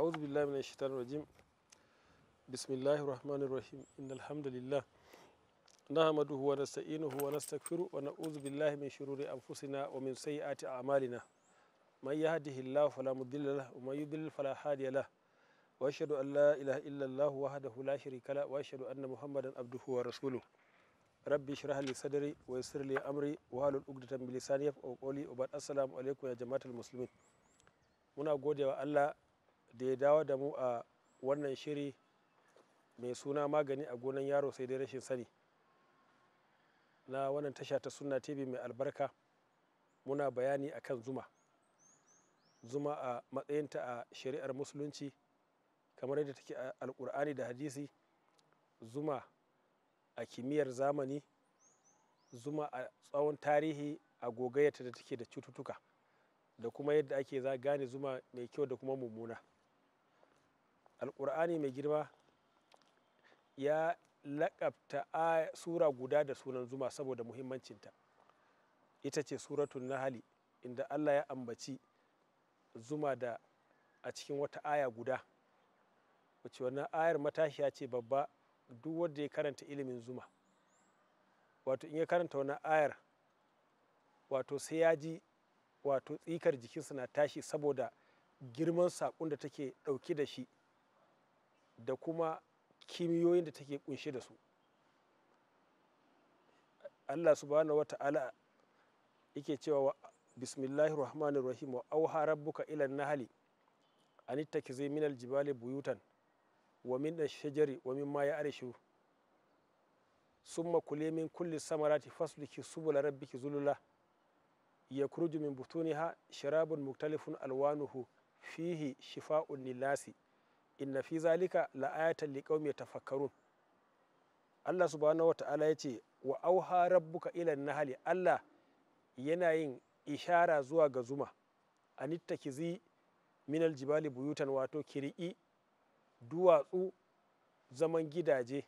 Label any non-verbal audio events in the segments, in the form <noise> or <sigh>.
أعوذ بالله من الشيطان الرجيم بسم الله الرحمن الرحيم إن الحمد لله نحمده ونستعينه ونستغفره ونعوذ بالله من شرور أنفسنا ومن سيئات أعمالنا من يهده الله فلا مضل له ومن يضلل فلا هادي له وأشهد أن لا إله إلا الله وحده لا شريك له وأشهد أن محمدا عبده ورسوله rabbi shirah li sadri wa yassir li amri wa halul uqdatan bi lisani yafqahu qawli wa ba'd assalamu alaikum ya jama'atul muslimin muna godewa Allah da ya dawo da mu a wannan shiri mai suna magani a gonan yaro sai dai rashin sani na wannan tasha ta sunna tv mai albarka muna bayani akan zuma zuma a matsayinta a shari'ar musulunci kamar yadda take a alkur'ani da hadisi zuma a kimiyyar zamani zuma a tsawon tarihi a gogayyata da take da cututtuka da kuma yadda ake za gane zuma mai kyau da kuma mummuna alkur'ani mai girma ya laƙabta sura guda da sunan zuma saboda muhimmancinta ita ce suratun nahali inda allah ya ambaci zuma da a cikin wata aya guda wacce wannan ayar matashiya ce babba duk wanda ya karanta ilimin zuma wato in ya karanta wannan ayar wato sai ya ji wato tsikar jikinsa na tashi saboda girman saƙon da take ɗauke da shi da kuma kimiyoyin da take kunshe da su allah subhanahu wa ta'ala yake cewa bismillahir rahmanir rahim wa auha rabbuka ila nahli an zai min aljibali buyutan wa min ash-shajari wa mimma ya'rishu summa makule min kulli samarati fasluki subula rabbiki zulula yakhruju min butuniha sharabun muktalifun alwanuhu fihi shifa'un nilasi inna fi zalika li qaumi tafakkarun? Allah subhanahu wata'ala ya ce wa auha rabbuka ila nahali Allah yana yin ishara zuwa ga zuma anittakizi minal jibali buyutan wato kiriki duwatsu zaman gidaje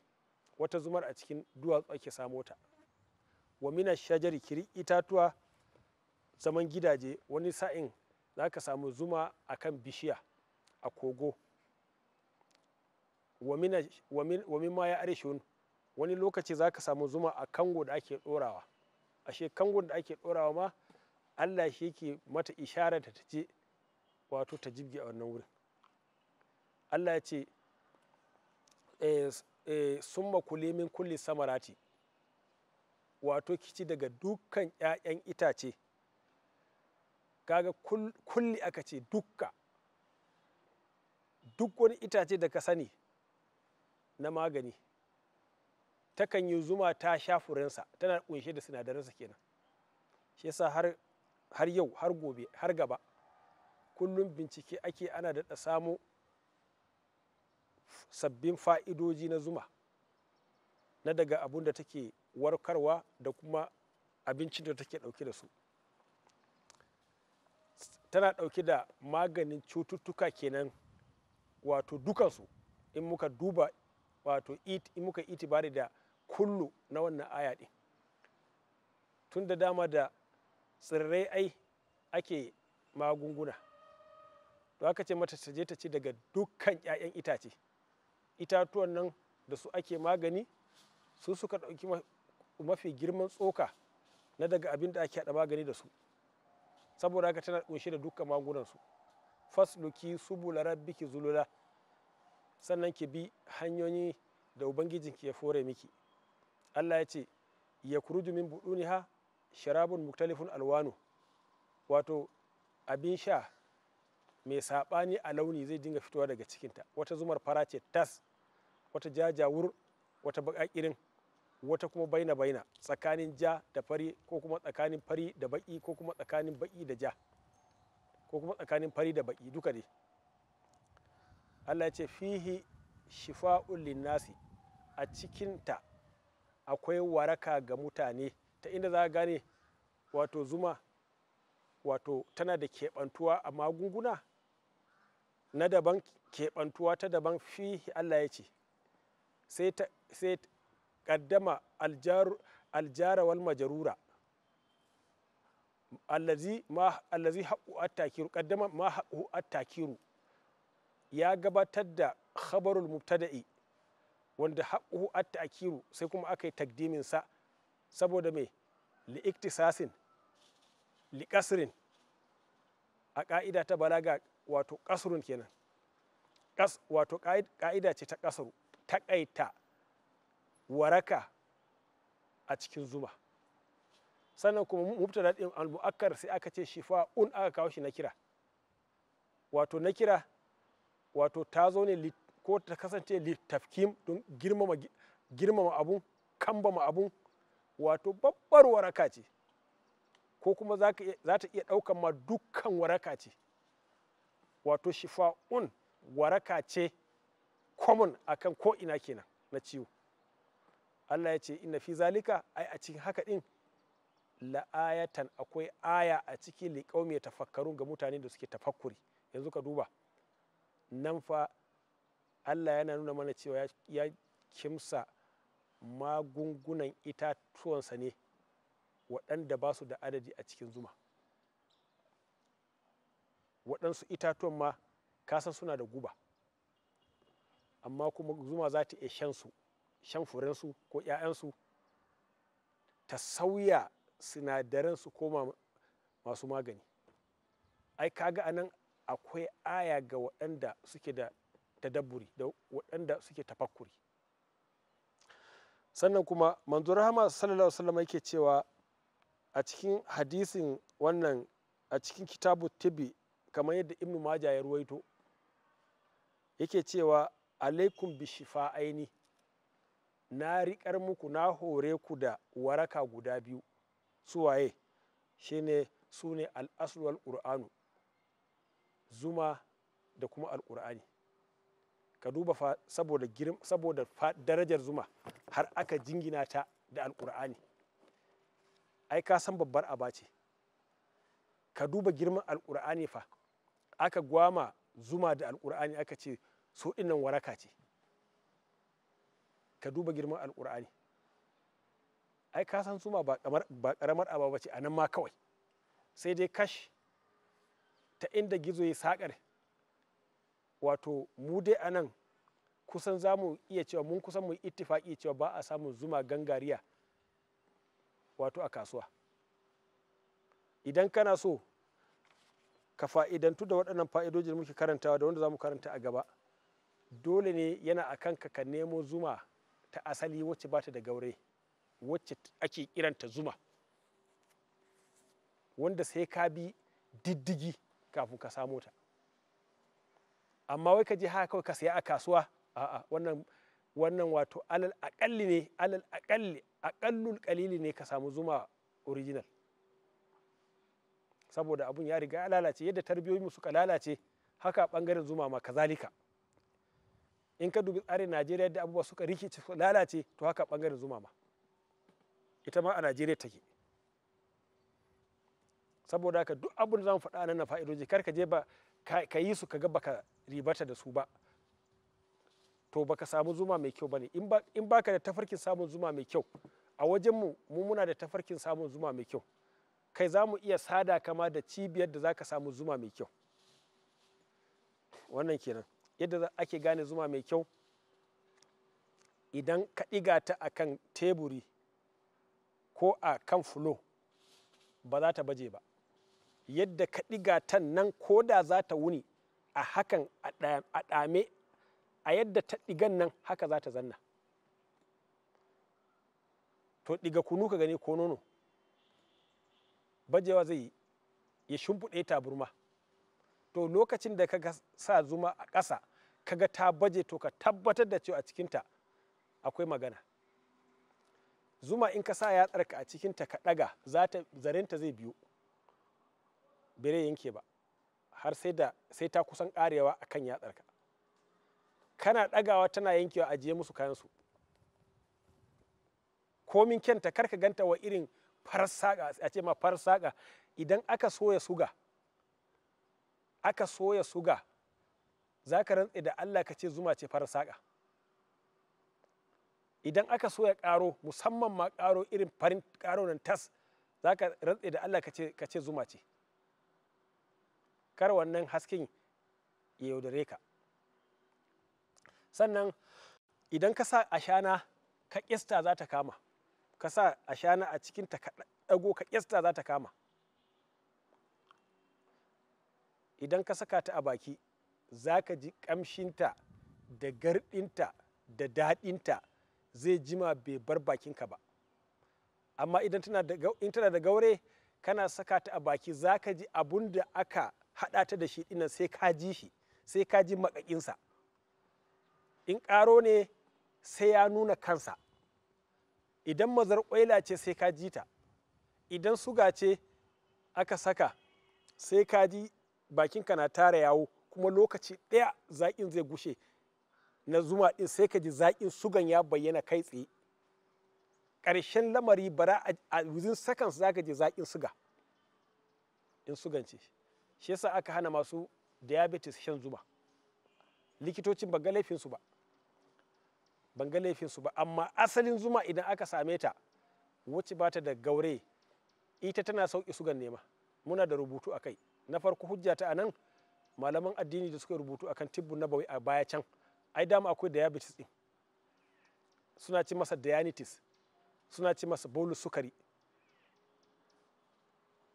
wata zumar a cikin duwatsu ake samo ta wa mina shajar kiri'i tatuwa zaman gidaje wani sa'in zaka samu zuma a kan bishiya a kogo wa mimma ya arishun wani lokaci za ka samu zuma a kango da ake ɗorawa ashe kango da ake ɗorawa ma allah shi yake mata ishara ta je wato ta jibge a wannan wurin allah ya ce eh, eh, summa kuli min kulli samarati wato kici daga dukkan 'ya'yan itace kaga kulli aka ce dukka duk wani itace da ka sani na magani takan yi zuma ta sha furensa tana kunshe da sinadaransa kenan shi yasa har har yau har gobe har gaba kullum bincike ake ana da samu sabbin fa'idoji na zuma na daga abun da take warkarwa da kuma abincin da take ɗauke da su tana ɗauke da maganin cututtuka kenan wato dukansu in muka duba wato it in muka itibari da kullu na wannan aya din tun da dama da tsirrai ai ake magunguna to aka ce mata ta je ta ci daga dukkan 'ya'yan itace itatuwan nan da su ake magani su suka ɗauki mafi girman tsoka na daga abin da ake haɗa magani da su saboda haka tana ƙunshe da dukkan magunansu fasluki subula rabbiki zulula sannan ki bi hanyoyi da ubangijinki ya fore miki allah ya ce ya kuruju min buɗuniha sharabun muktalifun alwanu wato abin sha mai saɓani a launi zai dinga fitowa daga cikinta wata zumar fara ce tas wata jajawur wata baƙaƙirin wata kuma baina baina tsakanin ja da fari ko kuma tsakanin fari da baƙi ko kuma tsakanin baƙi da ja ko kuma tsakanin fari da baƙi duka dai Allah ya ce fihi shifa'un linnasi a cikinta akwai waraka ga mutane ta inda za gane wato zuma wato tana da keɓantuwa a magunguna na daban keɓantuwa ta daban fihi Allah ya ce sai ta sai ƙaddama aljara wal majarura allazi ma allazi haqu attakiru takiru qaddama ma haqu attakiru ya gabatar da khabarul mubtada'i wanda haƙuhu at ta'kiru sai kuma aka yi takdimin sa saboda me li iktisasin li kasrin a ka'ida ta balaga wato kasrun kenan kas wato ka'ida ce ta kasru taƙaita waraka a cikin zuma sannan kuma mubtada din al-mu'akkar sai aka ce shifa un aka kawo shi na kira wato na kira wato ta zo ne ko ta kasance littafkim don girmama abun kambama abun wato babbar waraka ce ko kuma za ta iya ɗaukan ma dukkan waraka ce wato shifa'un waraka ce common akan ko ina kenan na ciwo Allah ya ce inna fi zalika ai a cikin haka din la'ayatan akwai aya a ciki liƙaumi tafakkarun ga mutane da suke tafakkuri yanzu ka duba nan fa allah yana nuna mana cewa ya kimsa magungunan itatuwansa ne waɗanda ba su da adadi a cikin zuma waɗansu itatuwan ma kasan suna da guba amma kuma zuma za ta iya su shan furensu ko 'ya'yansu ta sauya sinadaransu su koma masu magani ai kaga anan akwai aya ga waɗanda suke da tadabburi da waɗanda suke tafakkuri sannan kuma manzo rahama sallallahu alaihi wasallam yake cewa a cikin hadisin wannan a cikin kitabu tibi kamar yadda ibnu maja ya ruwaito yake cewa alaikum bi shifa na riƙar muku na hore ku da waraka guda biyu suwaye shine su ne al'asruwal ƙur'anu zuma da kuma alkur'ani ka duba fa saboda darajar zuma har aka jingina ta da alkur'ani ai ka san babbar aba ce ka duba girman alkur'ani fa aka gwama zuma da alkur'ani aka ce so dinnan waraka ce ka duba girman alkur'ani ai ka san zuma ba karamar aba ce a nan ma kawai sai dai kashi. ta inda gizo ya saƙar wato mu dai a nan kusan za mu iya cewa mun kusan mu ittifaƙi cewa ba a samun zuma gangariya wato a kasuwa idan kana so ka fa'idantu da waɗannan fa'idoji da muke karantawa da wanda za mu karanta a gaba dole ne yana a kanka ka nemo zuma ta asali wacce ba ta da gaure wacce ake kiranta zuma wanda sai ka bi diddigi kafin ka samo ta amma wai ka je haka kawai ka saya a kasuwa a'a wannan wannan wato alal aƙalli ne alal akalli akallul ne ka samu zuma original saboda abun ya riga ya lalace yadda tarbiyoyinmu suka lalace haka ɓangaren zuma ma kazalika in ka dubi tsarin najeriya yadda abubuwa suka rikice lalace to haka ɓangaren zuma ma ita ma a najeriya take saboda haka duk abin da mu faɗa nan na fa'idoji kar ka je ba ka yi su ka ga baka ribata da su ba to baka samu zuma mai kyau bane in baka da tafarkin samun zuma mai kyau a wajen mu mu muna da tafarkin samun zuma mai kyau kai za mu iya sada kama da cibiyar da zaka samu zuma mai kyau wannan kenan yadda ake gane zuma mai kyau idan ka ɗiga ta a kan teburi ko a kan fulo ba za ta baje ba yadda ka ɗiga ta nan ko da za ta wuni a hakan a ɗame a yadda ta ɗigan nan haka za ta zanna to ɗiga kunu ka gani ko nono bajewa zai yi ya shimfiɗe taburma to lokacin da ka sa zuma a ƙasa kaga ta baje to ka tabbatar da cewa a cikinta akwai magana zuma in ka sa yatsarka a cikinta ka ɗaga zarenta zai biyu bere yanke ba har sai da sai ta kusan karewa akan yatsarka kana ɗagawa tana yankewa ajiye musu kayansu komin kyanta karka ganta wa irin farar saƙa a ce ma farar saƙa idan aka soya suga aka soya suga za ka rantse da allah ka ce zuma ce farar saƙa idan aka soya ƙaro musamman ma ƙaro irin farin ƙaro nan tas za ka rantse da allah ka ce zuma ce kar wannan hasken ya yaudare ka sannan idan ka sa ashana ka ƙista za ta kama ka sa ashana a cikin ta ɗago ka ƙista za ta kama idan ka saka ta a baki za ka ji ƙamshinta da garɗinta da daɗinta zai jima bai bar bakinka ba amma idan tana da gaure kana saka ta a baki za ka ji abun da aka haɗa ta da shi ɗinnan sai ka ji shi sai ka ji in ƙaro ne sai ya nuna kansa idan mazar ƙwaila ce sai ka ji ta idan suga ce aka saka sai ka ji bakinka na tara yawo kuma lokaci ɗaya zaƙin zai gushe na zuma ɗin sai ka ji zaƙin sugan ya bayyana kai tsaye ƙarshen lamari bara a wuzin sakan za ka ji zaƙin suga in sugan ce shi yasa aka hana masu diabetes shan zuma likitocin ban ga laifinsu ba ban ga laifinsu ba amma asalin zuma idan aka same ta wuce ba ta da gaure ita tana sauƙi sugan nema muna da rubutu a kai na farko hujja ta anan malaman addini da suka rubutu akan tibbu na bawai a baya can ai dama akwai diabetes din suna ci masa dianitis suna ci masa bolus sukari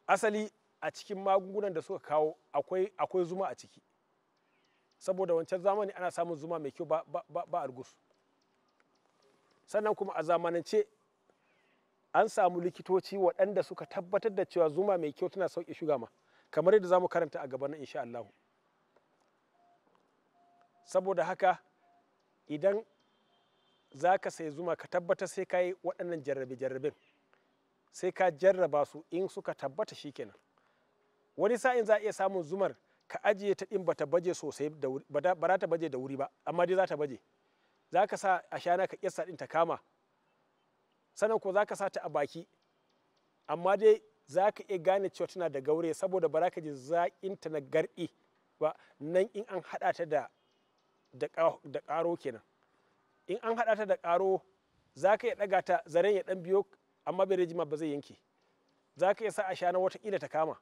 asali a cikin magungunan da suka kawo akwai zuma a ciki saboda wancan zamani ana samun zuma mai kyau ba, ba, sannan kuma a zamanance an samu likitoci waɗanda suka tabbatar da cewa zuma mai kyau tana sauke shuga ma kamar yadda za mu karanta a gaba na insha Allah saboda haka idan za ka sai zuma ka tabbatar sai ka yi waɗannan jarrabe-jarraben sai ka jarraba su in suka tabbata shikenan wani sa'in za a iya samun zumar ka ajiye ta ɗin bata baje sosai ba za ta baje da wuri ba amma dai za ta baje za ka sa a shana ka ƙyasta ɗin ta kama sannan ko za ka sa ta a baki amma dai za ka iya gane cewa tana da gaure saboda ba za ka ji ta na garɗi ba nan in an haɗa ta da da ƙaro kenan in an haɗa ta da ƙaro za ka iya ɗaga ta zaren ya ɗan biyo amma bai rijima ba zai yanke za ka iya sa a shana wata ƙila ta kama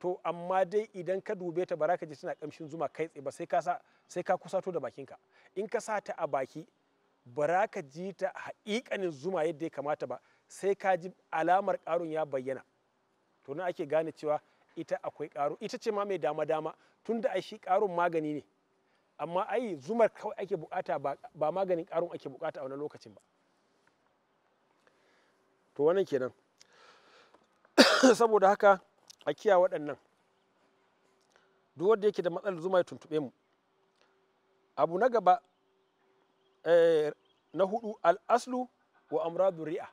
to amma dai idan ka dube ta baraka ji tana kamshin zuma kai tsaye ba sai ka sa sai ka kusato da bakinka in ka sa ta a baki baraka ji ta haƙiƙanin zuma yadda ya kamata ba sai ka ji alamar ƙarun ya bayyana to na ake gane cewa ita akwai ƙaro ita ce ma mai dama dama tunda ai shi ƙarun magani ne amma ai zumar kawai ake bukata ba maganin ƙarun ake bukata a wani lokacin ba to wannan kenan <coughs> saboda haka a kiya waɗannan duk wanda yake da matsalar zuma ya tuntuɓe mu abu na gaba eh, na hudu al'aslu wa amradu ri'a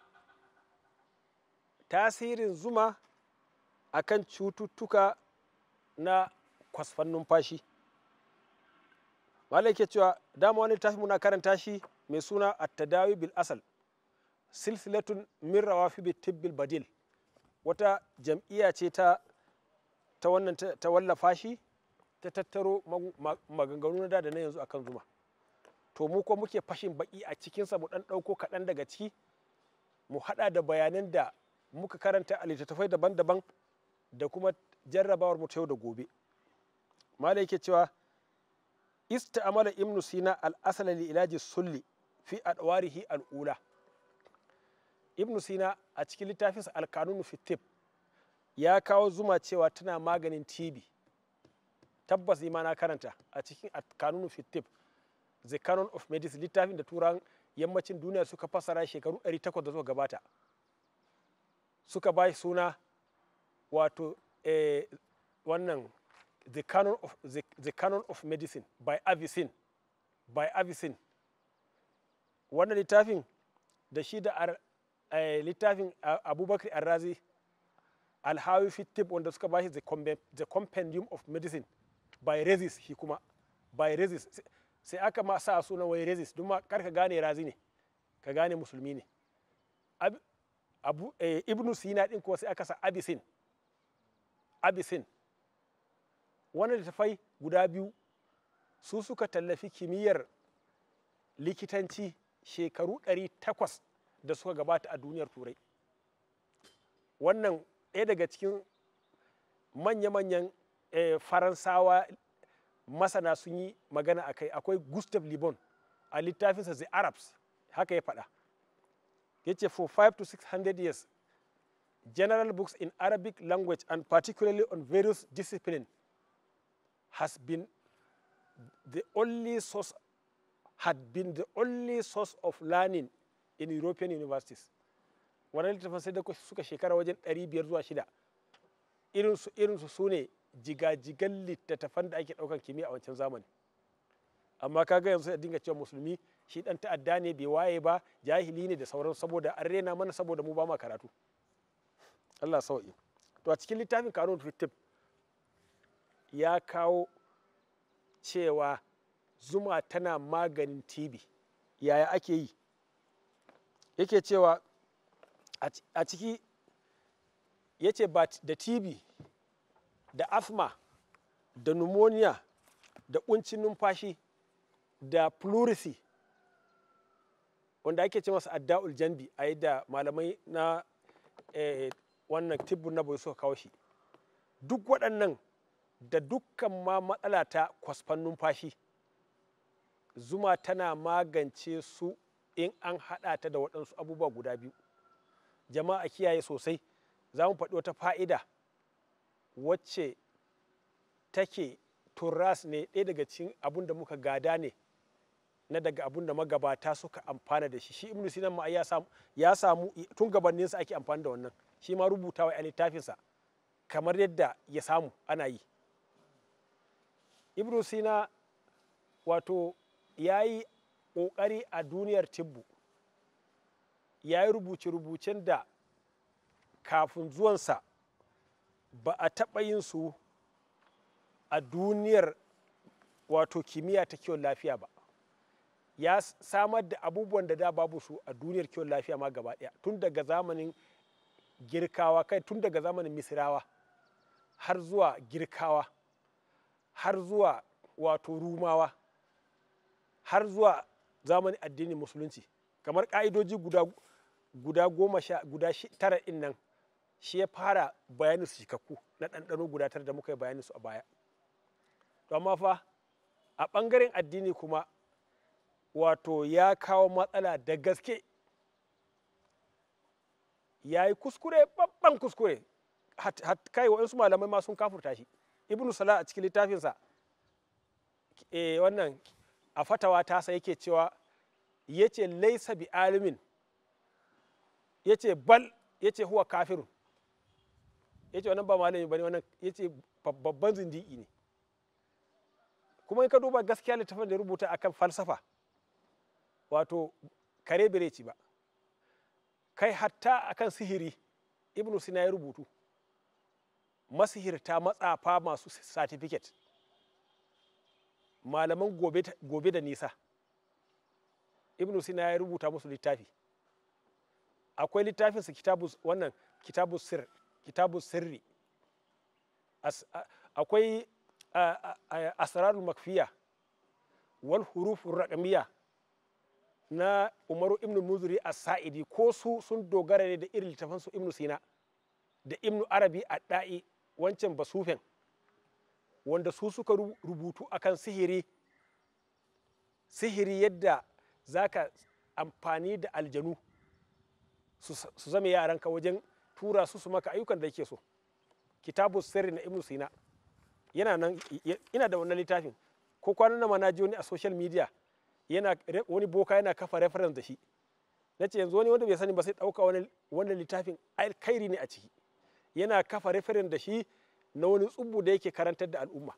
tasirin zuma akan cututtuka na kwasfan numfashi malai ke cewa dama wani tafi muna karanta shi mai suna attadawi bil asal silsilatun min rawafi bi tibbil badil wata jam'iyya ce ta ta wannan ta wallafa shi ta tattaro maganganu na da da na yanzu akan zuma to mu ko muke fashin baki a cikinsa mu dan ɗauko kaɗan daga ciki mu haɗa da bayanan da muka karanta a littattafai daban-daban da kuma jarrabawar mu ta yau da gobe malai yake cewa ista'amala ibnu sina al-asala li ilaji sulli fi adwarihi al-ula ibnu sina a cikin littafinsa al-kanunu fi tib ya kawo zuma cewa tana maganin tb tabbas ma na karanta a cikin kanunu fitif the canon of medicine littafin da turan yammacin duniya suka fasara shekaru 800 da suka gabata suka bai suna wato eh, wannan the canon, of, the, the canon of medicine by avicin by avicin wannan littafin da shi da eh, littafin eh, abubakar arrazi alhawi fittib wanda suka bashi the compendium of medicine by rezis shi kuma by rezis sai aka ma sa sunan wai rezis don kar ka gane razi ne ka gane musulmi ne eh, ibnu sina din kuwa sai aka sa abisin abisin wannan littafai guda biyu su suka tallafi kimiyyar likitanci shekaru 800 da suka gabata a duniyar turai wannan ɗaya daga cikin manya-manyan eh, faransawa masana sun yi magana a kai akwai gustav libon a littafinsa the arabs haka ya faɗa ya ce for 5 to 600 years general books in arabic language and particularly on various disciplines has been the only source had been the only source of learning in european universities wannan littafin sai da suka shekara wajen 500 zuwa shida irinsu irinsu su ne jigajigan littattafan da ake ɗaukan kimiyya a wancan zamani amma kaga yanzu a dinga cewa musulmi shi dan ta'adda ne bai waye ba jahili ne da sauran saboda an rena mana saboda mu ba ma karatu Allah sauki to a cikin littafin karon fitib ya kawo cewa zuma tana maganin tibi yaya ake yi yake cewa a ciki ya ce da tb da asma da pneumonia da kuncin numfashi da pleurisy wanda ake ce masa adda'ul janbi a yi da malamai na eh, wannan tibbun na bai suka kawo shi duk waɗannan da dukkan ma matsala ta kwasfan numfashi zuma tana magance su in an haɗa ta da waɗansu abubuwa guda biyu jama'a kiyaye sosai za mu faɗi wata fa'ida wacce take turras ne ɗaya daga cikin abun da muka gada ne na daga abun da magabata suka amfana da shi shi ibnu sinan ma ya samu ya samu tun gabaninsa ake amfani da wannan shi ma rubutawa a littafinsa kamar yadda ya samu ana yi ibnu sina wato ya yi ƙoƙari a duniyar tibbu ya yi rubuce-rubucen da kafin zuwansa ba a taɓa yin su a duniyar wato kimiyya ta kiwon lafiya ba ya samar da abubuwan da da babu su a duniyar kiwon lafiya ma gaba ɗaya tun daga zamanin girkawa kai tun daga zamanin misirawa har zuwa girkawa har zuwa wato rumawa har zuwa zamanin addinin musulunci kamar ƙa'idoji guda guda goma sha guda tara ɗin nan shi ya fara bayanin su cikakku na ɗanɗano guda tara da muka yi bayanin su a baya to amma fa a ɓangaren addini kuma wato ya kawo matsala da gaske ya yi kuskure babban kuskure hat kai wa'insu malamai ma sun kafurta shi ibnu sala a cikin littafinsa e, wannan a fatawa tasa yake cewa yace laisa bi alimin yace bal yace huwa kafirun yace wannan ba malami bane wannan yace babban zindiki ne kuma in ka duba gaskiya littafin da rubuta akan falsafa wato kare bire ci ba kai hatta akan sihiri ibnu sina ya rubutu masihirta matsafa masu certificate malaman gobe da nisa ibnu sina ya rubuta musu littafi akwai littafinsa kitabu wannan kitabu sir kitabu sirri akwai asrarul makfiya wal hurufur raqmiya na umaru ibnu muzuri a sa'idi ko su sun dogara ne da irin littafan su ibnu sina da ibnu arabi a da'i wancan basufen wanda su suka rubutu akan sihiri sihiri yadda zaka amfani da aljanu su zame yaranka wajen tura su su maka ayyukan da yake so kitabu sirri na ibnu sina yana nan ina da wannan littafin ko kwanan nan ma na ji wani a social media yana wani boka yana kafa reference da shi nace ce yanzu wani wanda bai sani ba sai ɗauka wani littafin alkhairi ne a ciki yana kafa reference da shi na wani tsubu da yake karantar da al'umma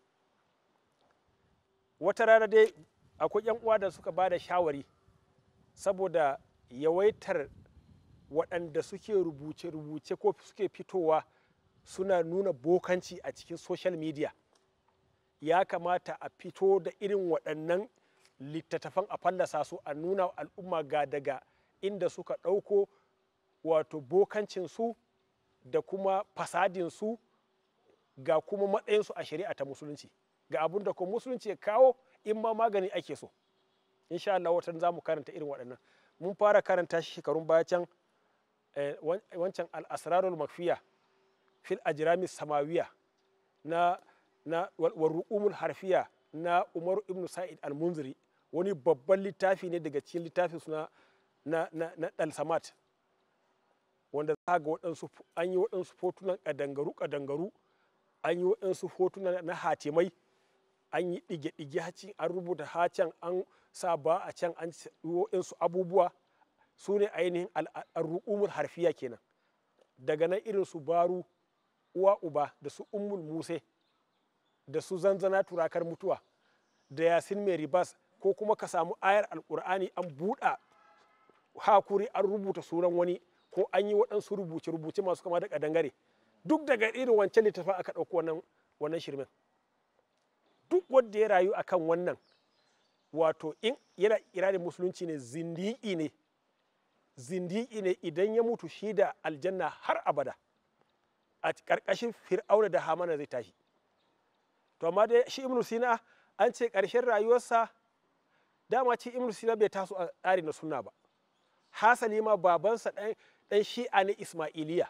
wata rana dai akwai yan uwa da suka bada shawari saboda yawaitar waɗanda suke rubuce-rubuce ko suke fitowa suna nuna bokanci a cikin social media ya kamata a fito da irin waɗannan littattafan a fallasa su a nuna al'umma ga daga inda suka ɗauko wato bokancinsu da kuma fasadinsu ga kuma matsayinsu a shari'a ta musulunci ga abin da kuma musulunci ya kawo in ma magani ake so insha Allah watan za mu karanta irin waɗannan mun fara karanta shekarun baya can Eh, wancan al'asrarul makfiya fil ajrami samawiya na na warruqumul harfiya na umaru ibnu sa'id al-munziri wani babban littafi ne daga cikin littafin suna na na na samat wanda za ga waɗansu an yi waɗansu fotunan ƙadangaru ƙadangaru an yi waɗansu hotuna na hatimai an yi ɗige-ɗige hacin an rubuta hacin an sa ba a can an waɗansu abubuwa su ne ainihin al'ummul harfiya kenan daga nan irin su baru uwa uba da su ummul muse da su zanzana turakar mutuwa da yasin mai ribas ko kuma ka samu ayar alkur'ani an buɗa hakuri an rubuta suran wani ko an yi waɗansu rubuce-rubuce masu kama da ƙadangare duk daga irin wancan littafin aka ɗauko wannan wannan shirmin duk wanda ya rayu akan wannan wato in yana iranin musulunci ne zindiki ne zindiki ne idan ya mutu shi da aljanna har abada a ƙarƙashin fir'auna da hamana zai tashi to amma dai shi ibnu sina an ce ƙarshen rayuwarsa dama ce ibnu sina bai taso a tsari na sunna ba hasali ma babansa ɗan shi'a ne ismailiya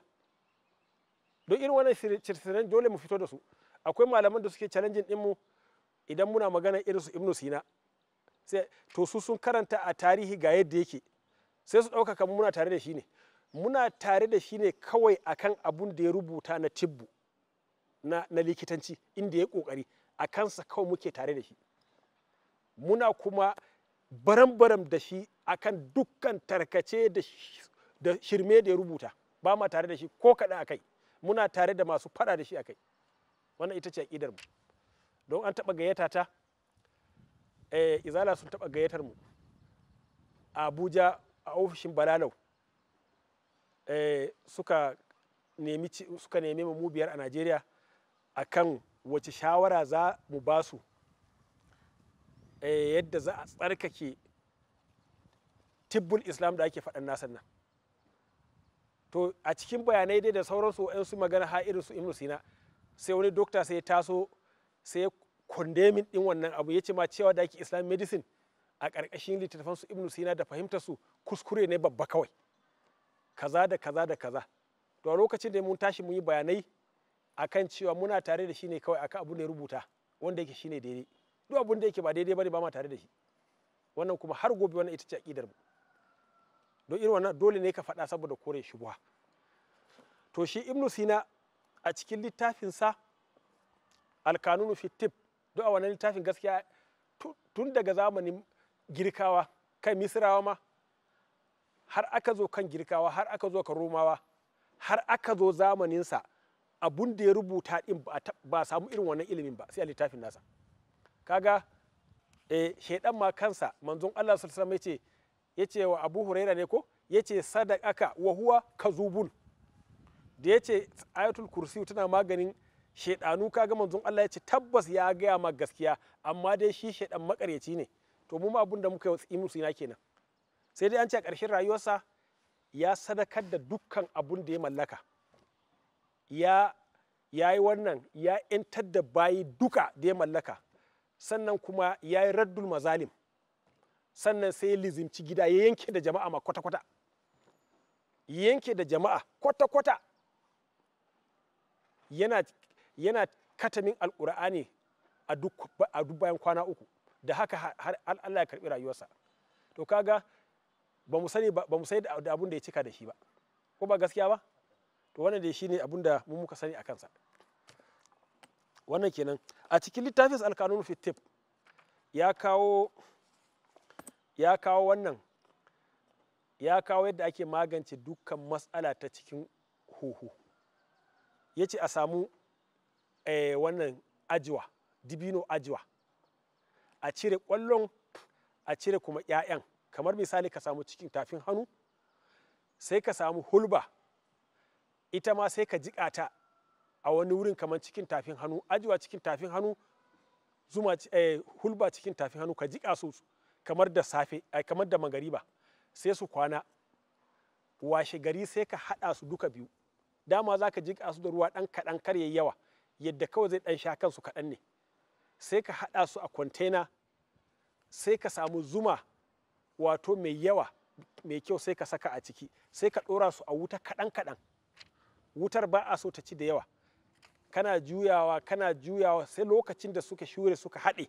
don irin wannan cirsiren dole mu fito da su akwai malaman da suke challenging ɗinmu idan muna magana irin su ibnu sina sai to su sun karanta a tarihi ga yadda yake sai su ɗaukaka muna tare da shi ne muna tare da shi ne kawai akan abun da ya rubuta na tibbu na, likitanci inda ya ƙoƙari a kansa kawai muke tare da shi muna kuma baram-baram da shi akan dukkan tarkace da, shirme da ya rubuta ba ma tare da shi ko kaɗa a kai muna tare da masu faɗa da shi a kai wannan ita ce a mu don an taɓa gayyata ta eh, izala sun taɓa gayyatar mu abuja a ofishin balalau eh, suka nemi suka mu biyar a najeriya a kan wace shawara za mu ba su eh, yadda za a tsarkake tibbul islam da ake faɗan nasan nan to a cikin bayanai dai da sauransu yan su magana ha irin su ibnu sina sai wani dokta sai ya taso sai ya kondemin din wannan abu ya ce ma cewa da ake islam medicine a ƙarƙashin littattafan su ibnu sina da fahimtar su kuskure ne babba kawai kaza da kaza da kaza to a lokacin da mun tashi mun yi bayanai akan cewa muna tare da shi ne kawai akan abu ne rubuta wanda yake shine daidai duk abun da yake ba daidai bane ba ma tare da shi wannan kuma har gobe wannan ita ce aqidar mu don irin wannan dole ne ka faɗa saboda kore shubha to shi ibnu sina a cikin littafinsa alkanunu fi tib duk a wannan littafin gaskiya tun daga zamanin girkawa kai misirawa ma har aka zo kan girkawa har aka zo kan romawa har aka zo zamaninsa abun da ya rubuta din ba samu irin wannan ilimin ba sai a littafin nasa kaga e, shaidan ma kansa manzon Allah sallallahu alaihi wasallam yace wa Abu Huraira ne ko yace sadaqaka wa huwa kazubun da yace ayatul kursi tana maganin shaidanu kaga manzon Allah yace tabbas ya gaya ma gaskiya amma dai shi shaidan makaryaci ne to mu ma abin da muka yi musu ina kenan sai dai an ce a ƙarshen rayuwarsa ya sadakar da dukkan abun da ya mallaka ya ya yi wannan ya ‘yantar da bayi duka da ya mallaka sannan kuma ya yi raddul mazalim sannan sai ya lizimci gida ya yanke da jama'a ma kwata-kwata yanke da jama'a kwata-kwata yana, katanin katamin al'ur'ani a duk bayan kwana uku da haka har Allah ya karbi rayuwarsa to kaga ba mu sani ba mu sai da abun da ya cika da shi ba ko ba gaskiya ba to wannan dai shine abun da mu muka sani a kansa wannan kenan a cikin littafin fi tib ya kawo ya kawo wannan ya kawo yadda ake magance dukkan matsala ta cikin huhu ya ce a samu eh, wannan ajiwa dibino ajiwa a cire ƙwallon a cire kuma 'ya'yan kamar misali ka samu cikin tafin hannu sai ka samu hulba ita ma sai ka jiƙa ta a wani wurin kamar cikin tafin hannu ajiwa cikin tafin hannu zuma eh, hulba cikin tafin hannu ka jiƙa su kamar da safe eh, kamar da magariba sai su kwana washe gari sai ka haɗa su duka biyu dama za ka jiƙa su da ruwa ɗan kaɗan kar yayi yawa yadda kawai zai ɗan sha kansu kaɗan ne sai ka haɗa su a kwantena sai ka samu zuma wato mai yawa mai kyau sai ka saka a ciki sai ka ɗora su a wuta kaɗan kaɗan wutar ba a so ta ci da yawa kana juyawa kana juyawa sai lokacin da suka shure suka haɗe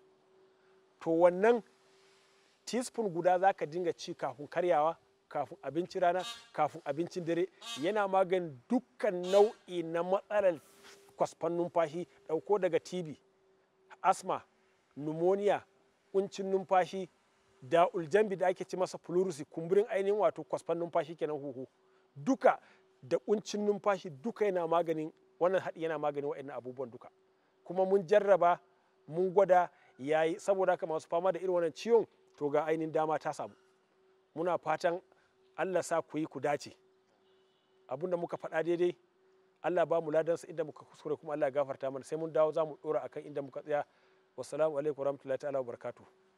to wannan teaspoon guda za ka dinga ci kafin karyawa kafin abinci rana kafin abincin dare yana maganin dukkan nau'i na matsalar kwasfan numfashi ɗauko daga tv asma pneumonia kuncin numfashi da uljambi da ake ci masa pleurisy kumburin ainihin wato kwasfan numfashi kenan huhu duka da kuncin numfashi duka yana maganin wannan haɗi yana maganin wa'annan abubuwan duka kuma mun jarraba mun gwada yayi saboda haka masu fama da irin wannan ciwon to ga ainihin dama ta samu muna fatan allah sa ku yi ku dace abinda muka faɗa daidai Allah ba mu ladansa inda muka kuskure kuma Allah gafarta mana sai mun dawo za mu dora akan inda muka tsaya wassalamu alaikum warahmatullahi ta'ala wabarakatuh